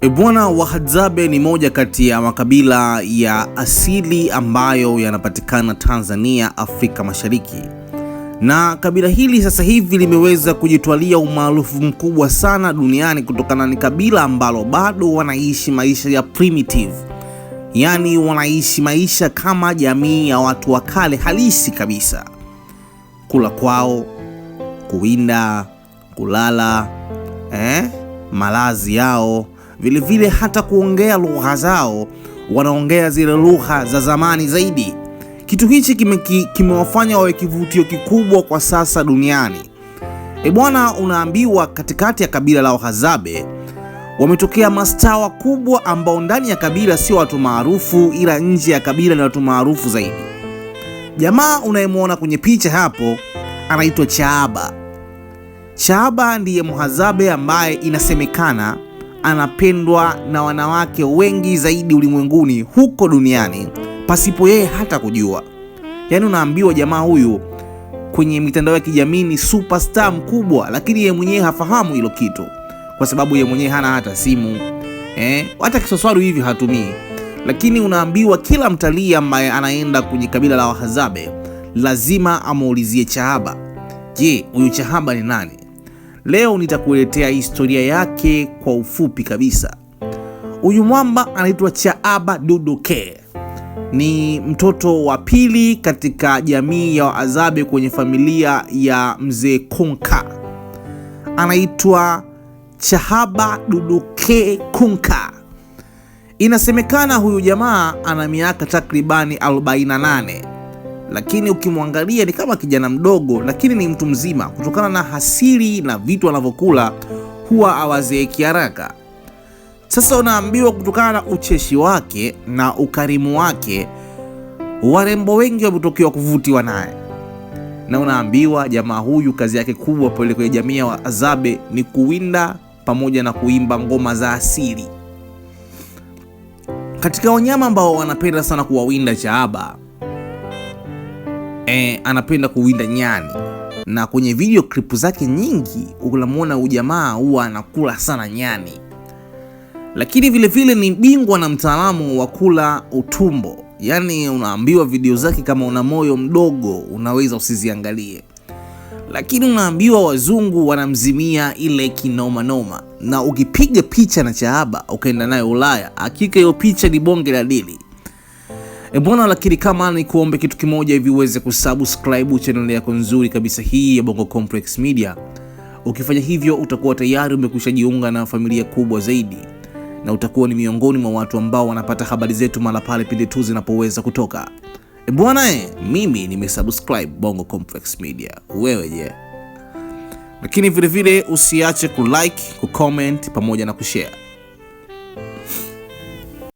E, Bwana Wahadzabe ni moja kati ya makabila ya asili ambayo yanapatikana Tanzania, Afrika Mashariki, na kabila hili sasa hivi limeweza kujitwalia umaarufu mkubwa sana duniani kutokana ni kabila ambalo bado wanaishi maisha ya primitive, yaani wanaishi maisha kama jamii ya watu wa kale halisi kabisa. Kula kwao, kuwinda, kulala, eh, malazi yao vilevile hata kuongea lugha zao wanaongea zile lugha za zamani zaidi. Kitu hichi kimewafanya kime wawe kivutio kikubwa kwa sasa duniani. E bwana, unaambiwa katikati ya kabila la Wahadzabe wametokea mastaa wakubwa ambao ndani ya kabila sio watu maarufu, ila nje ya kabila ni watu maarufu zaidi. Jamaa unayemwona kwenye picha hapo anaitwa Chaaba. Chaaba ndiye Mhadzabe ambaye inasemekana anapendwa na wanawake wengi zaidi ulimwenguni huko duniani pasipo yeye hata kujua. Yaani unaambiwa jamaa huyu kwenye mitandao ya kijamii ni superstar mkubwa, lakini yeye mwenyewe hafahamu hilo kitu, kwa sababu yeye mwenyewe hana hata simu eh, hata kiswaswaru hivi hatumii. Lakini unaambiwa kila mtalii ambaye anaenda kwenye kabila la Wahadzabe lazima amuulizie Chahaba. Je, huyu Chahaba ni nani? Leo nitakuletea historia yake kwa ufupi kabisa. Huyu mwamba anaitwa Chaaba Duduke, ni mtoto wa pili katika jamii ya Waazabe kwenye familia ya mzee Kunka. Anaitwa Chahaba Duduke Kunka. Inasemekana huyu jamaa ana miaka takribani 48 lakini ukimwangalia ni kama kijana mdogo, lakini ni mtu mzima. Kutokana na hasili na vitu anavyokula huwa awazeeki haraka. Sasa unaambiwa kutokana na ucheshi wake na ukarimu wake, warembo wengi wametokiwa kuvutiwa naye, na unaambiwa jamaa huyu kazi yake kubwa pale kwenye jamii ya Wahadzabe ni kuwinda pamoja na kuimba ngoma za asili. Katika wanyama ambao wanapenda sana kuwawinda, Chaaba eh, anapenda kuwinda nyani na kwenye video clip zake nyingi unamwona ujamaa huwa anakula sana nyani, lakini vilevile vile ni bingwa na mtaalamu wa kula utumbo. Yaani unaambiwa video zake kama una moyo mdogo unaweza usiziangalie, lakini unaambiwa wazungu wanamzimia ile kinomanoma, na ukipiga picha na Chaaba ukaenda nayo Ulaya, hakika hiyo picha ni bonge la dili. E eh, bwana, lakini kama ni kuombe kitu kimoja hivi uweze kusubscribe channel yako nzuri kabisa hii ya Bongo Complex Media. Ukifanya hivyo utakuwa tayari umekwisha jiunga na familia kubwa zaidi na utakuwa ni miongoni mwa watu ambao wanapata habari zetu mara pale pindi tu zinapoweza kutoka. E bwana, eh, mimi nimesubscribe Bongo Complex Media. Wewe je? Yeah. Lakini vilevile usiache kulike, kucomment pamoja na kushare.